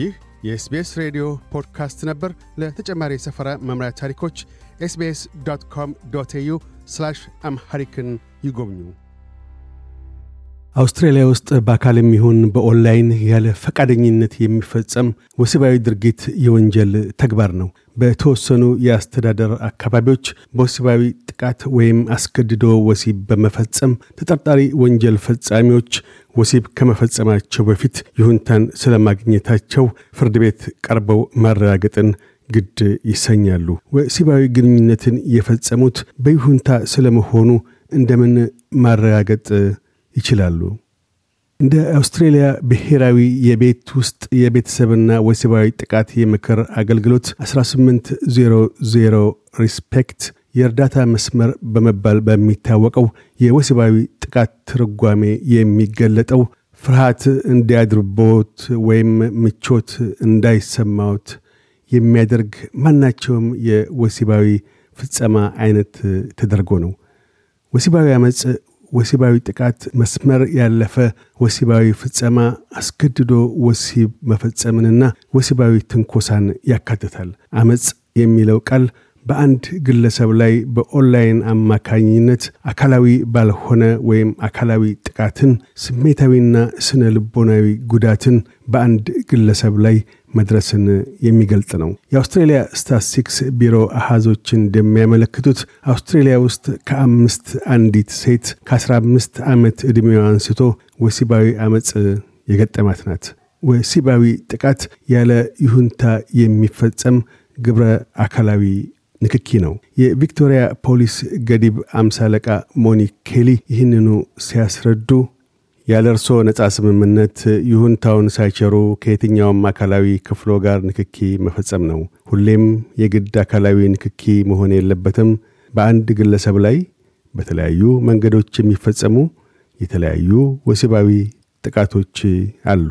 ይህ የኤስቤስ ሬዲዮ ፖድካስት ነበር። ለተጨማሪ የሰፈራ መምሪያት ታሪኮች ኤስቤስ ዶት ኮም ዶት ኤዩ አምሐሪክን ይጎብኙ። አውስትራሊያ ውስጥ በአካልም ይሁን በኦንላይን ያለ ፈቃደኝነት የሚፈጸም ወሲባዊ ድርጊት የወንጀል ተግባር ነው። በተወሰኑ የአስተዳደር አካባቢዎች በወሲባዊ ጥቃት ወይም አስገድዶ ወሲብ በመፈጸም ተጠርጣሪ ወንጀል ፈጻሚዎች ወሲብ ከመፈጸማቸው በፊት ይሁንታን ስለማግኘታቸው ፍርድ ቤት ቀርበው ማረጋገጥን ግድ ይሰኛሉ። ወሲባዊ ግንኙነትን የፈጸሙት በይሁንታ ስለመሆኑ እንደምን ማረጋገጥ ይችላሉ። እንደ አውስትሬልያ ብሔራዊ የቤት ውስጥ የቤተሰብና ወሲባዊ ጥቃት የምክር አገልግሎት 1800 ሪስፔክት የእርዳታ መስመር በመባል በሚታወቀው የወሲባዊ ጥቃት ትርጓሜ የሚገለጠው ፍርሃት እንዲያድርቦት ወይም ምቾት እንዳይሰማዎት የሚያደርግ ማናቸውም የወሲባዊ ፍጸማ አይነት ተደርጎ ነው። ወሲባዊ አመፅ ወሲባዊ ጥቃት፣ መስመር ያለፈ ወሲባዊ ፍጸማ፣ አስገድዶ ወሲብ መፈጸምንና ወሲባዊ ትንኮሳን ያካትታል። አመፅ የሚለው ቃል በአንድ ግለሰብ ላይ በኦንላይን አማካኝነት አካላዊ ባልሆነ ወይም አካላዊ ጥቃትን፣ ስሜታዊና ስነ ልቦናዊ ጉዳትን በአንድ ግለሰብ ላይ መድረስን የሚገልጽ ነው። የአውስትሬሊያ ስታስቲክስ ቢሮ አሃዞች እንደሚያመለክቱት አውስትሬሊያ ውስጥ ከአምስት አንዲት ሴት ከ15 ዓመት ዕድሜዋ አንስቶ ወሲባዊ ዓመፅ የገጠማት ናት። ወሲባዊ ጥቃት ያለ ይሁንታ የሚፈጸም ግብረ አካላዊ ንክኪ ነው። የቪክቶሪያ ፖሊስ ገዲብ አምሳለቃ ሞኒክ ኬሊ ይህንኑ ሲያስረዱ ያለ እርስዎ ነጻ ስምምነት ይሁንታውን ሳይቸሩ ከየትኛውም አካላዊ ክፍሎ ጋር ንክኪ መፈጸም ነው። ሁሌም የግድ አካላዊ ንክኪ መሆን የለበትም። በአንድ ግለሰብ ላይ በተለያዩ መንገዶች የሚፈጸሙ የተለያዩ ወሲባዊ ጥቃቶች አሉ።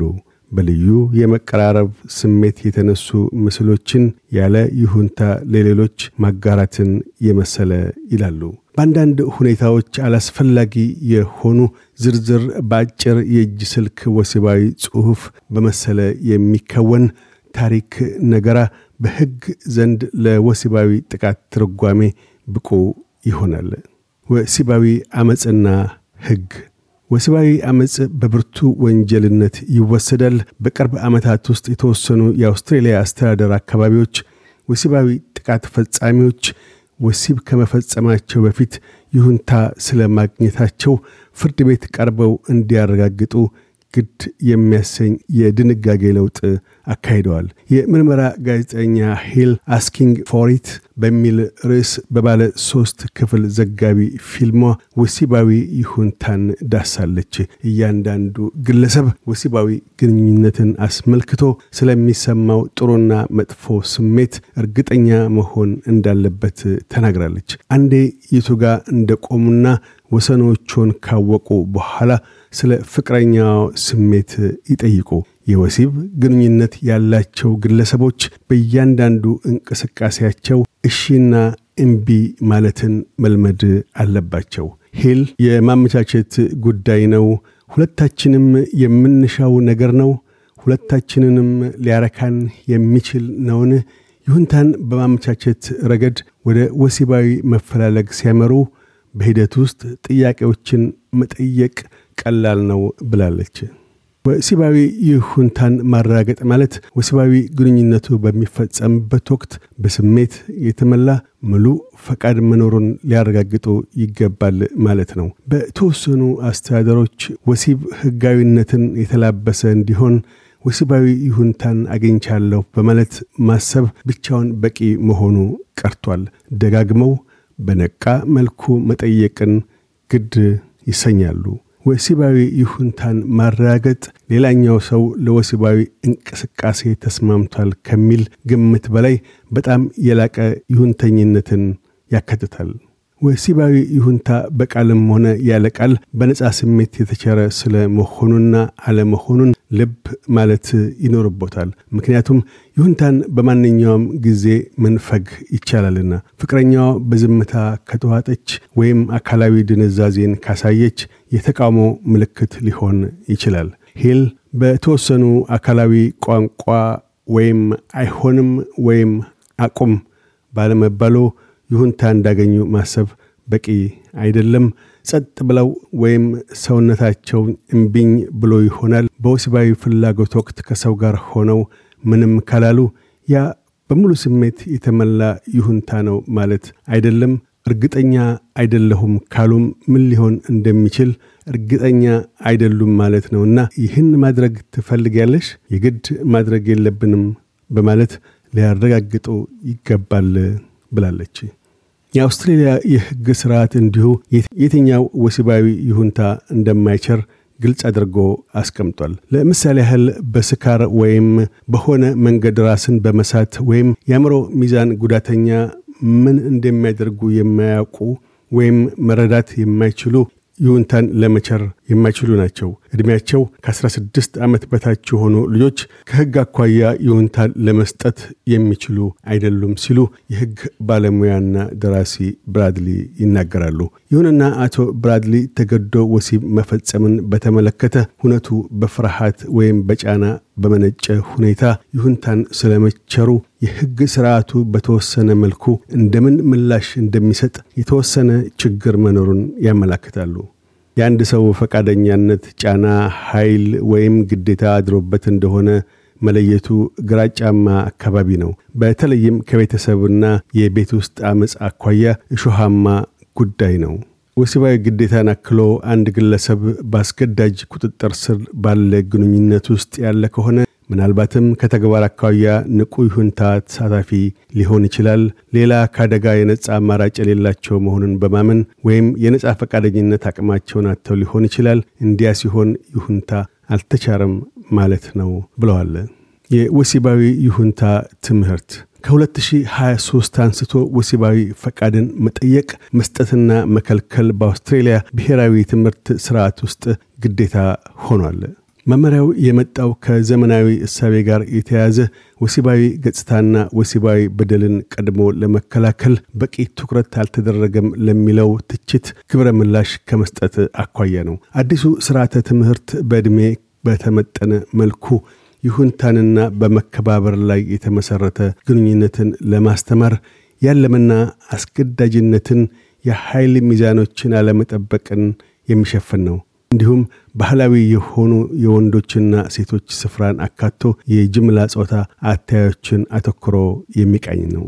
በልዩ የመቀራረብ ስሜት የተነሱ ምስሎችን ያለ ይሁንታ ለሌሎች ማጋራትን የመሰለ ይላሉ። በአንዳንድ ሁኔታዎች አላስፈላጊ የሆኑ ዝርዝር በአጭር የእጅ ስልክ ወሲባዊ ጽሑፍ በመሰለ የሚከወን ታሪክ ነገራ በሕግ ዘንድ ለወሲባዊ ጥቃት ትርጓሜ ብቁ ይሆናል። ወሲባዊ አመፅና ሕግ ወሲባዊ አመፅ በብርቱ ወንጀልነት ይወሰዳል። በቅርብ ዓመታት ውስጥ የተወሰኑ የአውስትሬልያ አስተዳደር አካባቢዎች ወሲባዊ ጥቃት ፈጻሚዎች ወሲብ ከመፈጸማቸው በፊት ይሁንታ ስለማግኘታቸው ፍርድ ቤት ቀርበው እንዲያረጋግጡ ግድ የሚያሰኝ የድንጋጌ ለውጥ አካሂደዋል። የምርመራ ጋዜጠኛ ሂል አስኪንግ ፎሪት በሚል ርዕስ በባለ ሶስት ክፍል ዘጋቢ ፊልሟ ወሲባዊ ይሁንታን ዳሳለች። እያንዳንዱ ግለሰብ ወሲባዊ ግንኙነትን አስመልክቶ ስለሚሰማው ጥሩና መጥፎ ስሜት እርግጠኛ መሆን እንዳለበት ተናግራለች። አንዴ የቱ እንደቆሙና ወሰኖቹን ካወቁ በኋላ ስለ ፍቅረኛው ስሜት ይጠይቁ። የወሲብ ግንኙነት ያላቸው ግለሰቦች በእያንዳንዱ እንቅስቃሴያቸው እሺና እምቢ ማለትን መልመድ አለባቸው። ሄል የማመቻቸት ጉዳይ ነው። ሁለታችንም የምንሻው ነገር ነው። ሁለታችንንም ሊያረካን የሚችል ነውን? ይሁንታን በማመቻቸት ረገድ ወደ ወሲባዊ መፈላለግ ሲያመሩ በሂደት ውስጥ ጥያቄዎችን መጠየቅ ቀላል ነው ብላለች። ወሲባዊ ይሁንታን ማረጋገጥ ማለት ወሲባዊ ግንኙነቱ በሚፈጸምበት ወቅት በስሜት የተመላ ሙሉ ፈቃድ መኖሩን ሊያረጋግጡ ይገባል ማለት ነው። በተወሰኑ አስተዳደሮች ወሲብ ህጋዊነትን የተላበሰ እንዲሆን ወሲባዊ ይሁንታን አግኝቻለሁ በማለት ማሰብ ብቻውን በቂ መሆኑ ቀርቷል። ደጋግመው በነቃ መልኩ መጠየቅን ግድ ይሰኛሉ። ወሲባዊ ይሁንታን ማረጋገጥ ሌላኛው ሰው ለወሲባዊ እንቅስቃሴ ተስማምቷል ከሚል ግምት በላይ በጣም የላቀ ይሁንተኝነትን ያካትታል። ወሲባዊ ይሁንታ በቃልም ሆነ ያለ ቃል በነጻ ስሜት የተቸረ ስለ መሆኑና አለመሆኑን ልብ ማለት ይኖርቦታል። ምክንያቱም ይሁንታን በማንኛውም ጊዜ መንፈግ ይቻላልና። ፍቅረኛዋ በዝምታ ከተዋጠች ወይም አካላዊ ድንዛዜን ካሳየች የተቃውሞ ምልክት ሊሆን ይችላል። ሄል በተወሰኑ አካላዊ ቋንቋ ወይም አይሆንም ወይም አቁም ባለመባሉ ይሁንታ እንዳገኙ ማሰብ በቂ አይደለም። ጸጥ ብለው ወይም ሰውነታቸው እምቢኝ ብሎ ይሆናል። በወሲባዊ ፍላጎት ወቅት ከሰው ጋር ሆነው ምንም ካላሉ ያ በሙሉ ስሜት የተሞላ ይሁንታ ነው ማለት አይደለም። እርግጠኛ አይደለሁም ካሉም ምን ሊሆን እንደሚችል እርግጠኛ አይደሉም ማለት ነው እና ይህን ማድረግ ትፈልጊያለሽ? የግድ ማድረግ የለብንም በማለት ሊያረጋግጡ ይገባል ብላለች። የአውስትሬልያ የሕግ ስርዓት እንዲሁ የትኛው ወሲባዊ ይሁንታ እንደማይቸር ግልጽ አድርጎ አስቀምጧል። ለምሳሌ ያህል በስካር ወይም በሆነ መንገድ ራስን በመሳት ወይም የአእምሮ ሚዛን ጉዳተኛ ምን እንደሚያደርጉ የማያውቁ ወይም መረዳት የማይችሉ ይሁንታን ለመቸር የማይችሉ ናቸው። ዕድሜያቸው ከ16 ዓመት በታች የሆኑ ልጆች ከሕግ አኳያ ይሁንታን ለመስጠት የሚችሉ አይደሉም ሲሉ የሕግ ባለሙያና ደራሲ ብራድሊ ይናገራሉ። ይሁንና አቶ ብራድሊ ተገዶ ወሲብ መፈጸምን በተመለከተ ሁነቱ በፍርሃት ወይም በጫና በመነጨ ሁኔታ ይሁንታን ስለመቸሩ የሕግ ስርዓቱ በተወሰነ መልኩ እንደምን ምላሽ እንደሚሰጥ የተወሰነ ችግር መኖሩን ያመላክታሉ። የአንድ ሰው ፈቃደኛነት ጫና፣ ኃይል ወይም ግዴታ አድሮበት እንደሆነ መለየቱ ግራጫማ አካባቢ ነው። በተለይም ከቤተሰብና የቤት ውስጥ አመፅ አኳያ እሾሃማ ጉዳይ ነው። ወሲባዊ ግዴታን አክሎ አንድ ግለሰብ በአስገዳጅ ቁጥጥር ስር ባለ ግንኙነት ውስጥ ያለ ከሆነ ምናልባትም ከተግባር አኳያ ንቁ ይሁንታ ተሳታፊ ሊሆን ይችላል። ሌላ ከአደጋ የነጻ አማራጭ የሌላቸው መሆኑን በማመን ወይም የነጻ ፈቃደኝነት አቅማቸውን አጥተው ሊሆን ይችላል። እንዲያ ሲሆን ይሁንታ አልተቻረም ማለት ነው ብለዋል። የወሲባዊ ይሁንታ ትምህርት ከ2023 አንስቶ ወሲባዊ ፈቃድን መጠየቅ መስጠትና መከልከል በአውስትሬልያ ብሔራዊ ትምህርት ስርዓት ውስጥ ግዴታ ሆኗል። መመሪያው የመጣው ከዘመናዊ እሳቤ ጋር የተያዘ ወሲባዊ ገጽታና ወሲባዊ በደልን ቀድሞ ለመከላከል በቂ ትኩረት አልተደረገም ለሚለው ትችት ግብረ ምላሽ ከመስጠት አኳያ ነው። አዲሱ ስርዓተ ትምህርት በዕድሜ በተመጠነ መልኩ ይሁንታንና በመከባበር ላይ የተመሠረተ ግንኙነትን ለማስተማር ያለምና አስገዳጅነትን የኃይል ሚዛኖችን አለመጠበቅን የሚሸፍን ነው። እንዲሁም ባህላዊ የሆኑ የወንዶችና ሴቶች ስፍራን አካቶ የጅምላ ጾታ አታዮችን አተኩሮ የሚቃኝ ነው።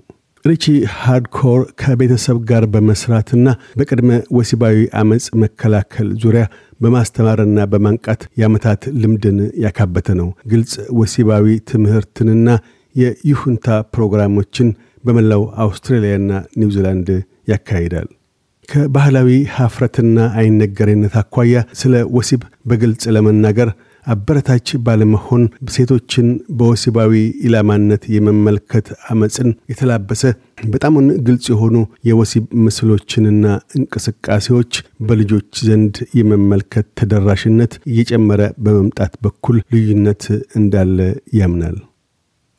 ሪቺ ሃርድኮር ከቤተሰብ ጋር በመስራትና በቅድመ ወሲባዊ አመፅ መከላከል ዙሪያ በማስተማርና በማንቃት የአመታት ልምድን ያካበተ ነው። ግልጽ ወሲባዊ ትምህርትንና የይሁንታ ፕሮግራሞችን በመላው አውስትራሊያና ኒውዚላንድ ያካሂዳል። ከባህላዊ ሀፍረትና አይነገሬነት አኳያ ስለ ወሲብ በግልጽ ለመናገር አበረታች ባለመሆን ሴቶችን በወሲባዊ ኢላማነት የመመልከት አመፅን የተላበሰ በጣምን ግልጽ የሆኑ የወሲብ ምስሎችንና እንቅስቃሴዎች በልጆች ዘንድ የመመልከት ተደራሽነት እየጨመረ በመምጣት በኩል ልዩነት እንዳለ ያምናል።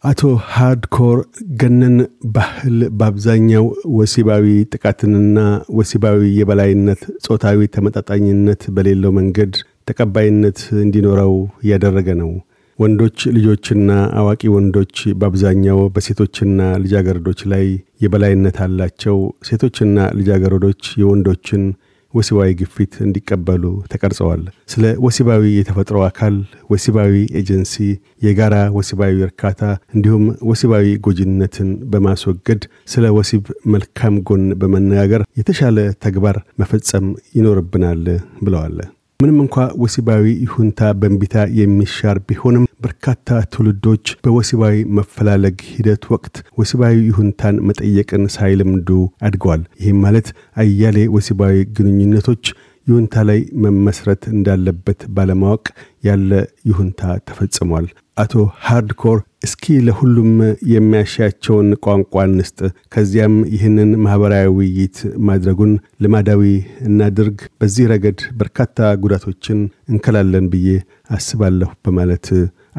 አቶ ሃርድኮር ገነን ባህል በአብዛኛው ወሲባዊ ጥቃትንና ወሲባዊ የበላይነት ጾታዊ ተመጣጣኝነት በሌለው መንገድ ተቀባይነት እንዲኖረው እያደረገ ነው። ወንዶች ልጆችና አዋቂ ወንዶች በአብዛኛው በሴቶችና ልጃገረዶች ላይ የበላይነት አላቸው። ሴቶችና ልጃገረዶች የወንዶችን ወሲባዊ ግፊት እንዲቀበሉ ተቀርጸዋል። ስለ ወሲባዊ የተፈጥሮ አካል፣ ወሲባዊ ኤጀንሲ፣ የጋራ ወሲባዊ እርካታ እንዲሁም ወሲባዊ ጎጂነትን በማስወገድ ስለ ወሲብ መልካም ጎን በመነጋገር የተሻለ ተግባር መፈጸም ይኖርብናል ብለዋል። ምንም እንኳ ወሲባዊ ይሁንታ በእንቢታ የሚሻር ቢሆንም በርካታ ትውልዶች በወሲባዊ መፈላለግ ሂደት ወቅት ወሲባዊ ይሁንታን መጠየቅን ሳይለምዱ አድገዋል። ይህም ማለት አያሌ ወሲባዊ ግንኙነቶች ይሁንታ ላይ መመስረት እንዳለበት ባለማወቅ ያለ ይሁንታ ተፈጽሟል። አቶ ሃርድኮር እስኪ ለሁሉም የሚያሻቸውን ቋንቋ እንስጥ፣ ከዚያም ይህንን ማኅበራዊ ውይይት ማድረጉን ልማዳዊ እናድርግ። በዚህ ረገድ በርካታ ጉዳቶችን እንከላለን ብዬ አስባለሁ በማለት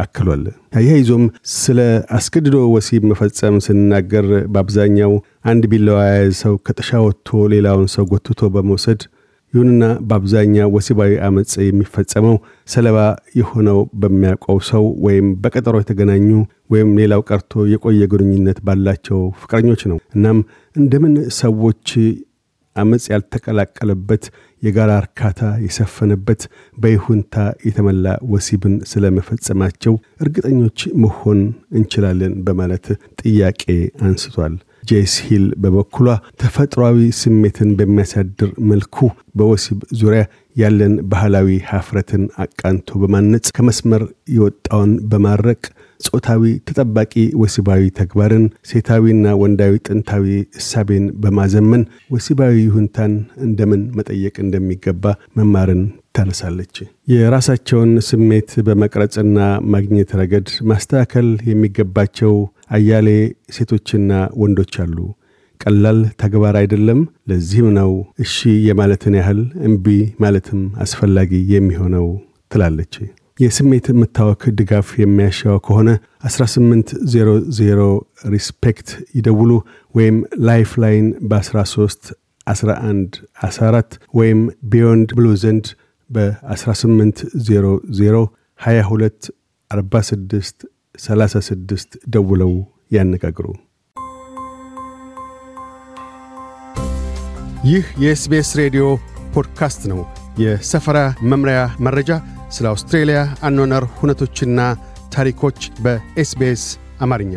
አክሏል። አያይዞም ስለ አስገድዶ ወሲብ መፈጸም ስንናገር በአብዛኛው አንድ ቢለዋያዝ ሰው ከጥሻ ወጥቶ ሌላውን ሰው ጎትቶ በመውሰድ ይሁንና በአብዛኛው ወሲባዊ አመፅ የሚፈጸመው ሰለባ የሆነው በሚያውቀው ሰው ወይም በቀጠሮ የተገናኙ ወይም ሌላው ቀርቶ የቆየ ግንኙነት ባላቸው ፍቅረኞች ነው። እናም እንደምን ሰዎች አመፅ ያልተቀላቀለበት የጋራ እርካታ የሰፈነበት በይሁንታ የተሞላ ወሲብን ስለመፈጸማቸው እርግጠኞች መሆን እንችላለን በማለት ጥያቄ አንስቷል። ጄስ ሂል በበኩሏ ተፈጥሯዊ ስሜትን በሚያሳድር መልኩ በወሲብ ዙሪያ ያለን ባህላዊ ሀፍረትን አቃንቶ በማነጽ ከመስመር የወጣውን በማድረቅ ጾታዊ ተጠባቂ ወሲባዊ ተግባርን ሴታዊና ወንዳዊ ጥንታዊ እሳቤን በማዘመን ወሲባዊ ይሁንታን እንደምን መጠየቅ እንደሚገባ መማርን ታነሳለች። የራሳቸውን ስሜት በመቅረጽና ማግኘት ረገድ ማስተካከል የሚገባቸው አያሌ ሴቶችና ወንዶች አሉ። ቀላል ተግባር አይደለም። ለዚህም ነው እሺ የማለትን ያህል እምቢ ማለትም አስፈላጊ የሚሆነው ትላለች። የስሜት የምታወክ ድጋፍ የሚያሻው ከሆነ 1800 ሪስፔክት ይደውሉ ወይም ላይፍ ላይን በ13 11 14 ወይም ቢዮንድ ብሉ ዘንድ በ1800 22 46 36 ደውለው ያነጋግሩ። ይህ የኤስቤስ ሬዲዮ ፖድካስት ነው። የሰፈራ መምሪያ መረጃ፣ ስለ አውስትሬልያ አኗኗር ሁነቶችና ታሪኮች በኤስቤስ አማርኛ